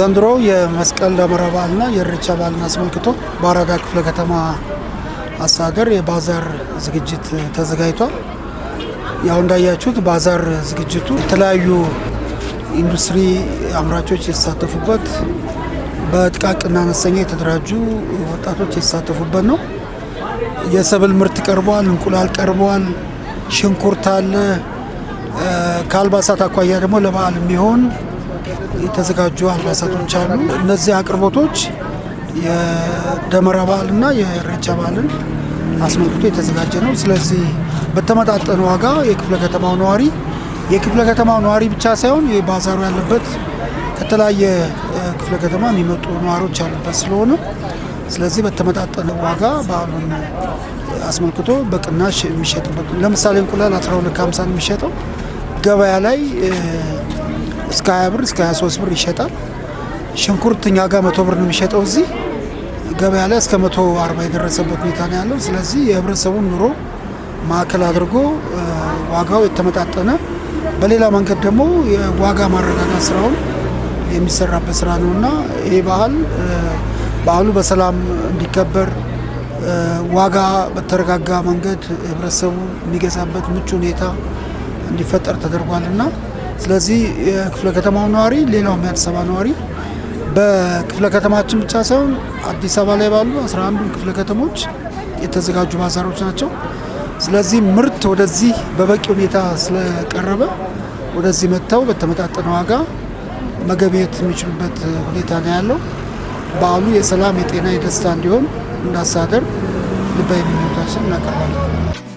ዘንድሮ የመስቀል ደመራ በዓልና የኢሬቻ በዓልን አስመልክቶ በአራዳ ክፍለ ከተማ አስተዳደር የባዛር ዝግጅት ተዘጋጅቷል። ያው እንዳያችሁት ባዛር ዝግጅቱ የተለያዩ ኢንዱስትሪ አምራቾች የተሳተፉበት በጥቃቅና አነስተኛ የተደራጁ ወጣቶች የተሳተፉበት ነው። የሰብል ምርት ቀርቧል፣ እንቁላል ቀርቧል፣ ሽንኩርት አለ። ከአልባሳት አኳያ ደግሞ ለበዓል የሚሆን የተዘጋጁ አልባሳቶች አሉ። እነዚህ አቅርቦቶች የደመራ በዓልና የኢሬቻ በዓልን አስመልክቶ የተዘጋጀ ነው። ስለዚህ በተመጣጠነ ዋጋ የክፍለ ከተማው ነዋሪ የክፍለ ከተማው ነዋሪ ብቻ ሳይሆን ባዛሩ ያለበት ከተለያየ ክፍለ ከተማ የሚመጡ ነዋሪዎች ያሉበት ስለሆነ ስለዚህ በተመጣጠነ ዋጋ በዓሉን አስመልክቶ በቅናሽ የሚሸጥበት ለምሳሌ እንቁላል 1250 የሚሸጠው ገበያ ላይ እስከ 20 ብር እስከ 23 ብር ይሸጣል። ሽንኩርት እኛ ጋር መቶ ብር ነው የሚሸጠው እዚህ ገበያ ላይ እስከ መቶ አርባ የደረሰበት ሁኔታ ነው ያለው። ስለዚህ የህብረተሰቡን ኑሮ ማዕከል አድርጎ ዋጋው የተመጣጠነ በሌላ መንገድ ደግሞ የዋጋ ማረጋጋት ስራውን የሚሰራበት ስራ ነው እና ይሄ ባህል በዓሉ በሰላም እንዲከበር ዋጋ በተረጋጋ መንገድ ህብረተሰቡ የሚገዛበት ምቹ ሁኔታ እንዲፈጠር ተደርጓልና ስለዚህ የክፍለ ከተማው ነዋሪ ሌላውም የአዲስ አበባ ነዋሪ በክፍለ ከተማችን ብቻ ሳይሆን አዲስ አበባ ላይ ባሉ 11ዱ ክፍለ ከተሞች የተዘጋጁ ባዛሮች ናቸው። ስለዚህ ምርት ወደዚህ በበቂ ሁኔታ ስለቀረበ ወደዚህ መጥተው በተመጣጠነ ዋጋ መገብየት የሚችሉበት ሁኔታ ነው ያለው። በዓሉ የሰላም የጤና፣ የደስታ እንዲሆን እንዳሳደር ልባዊ ምኞታችን እናቀርባለን።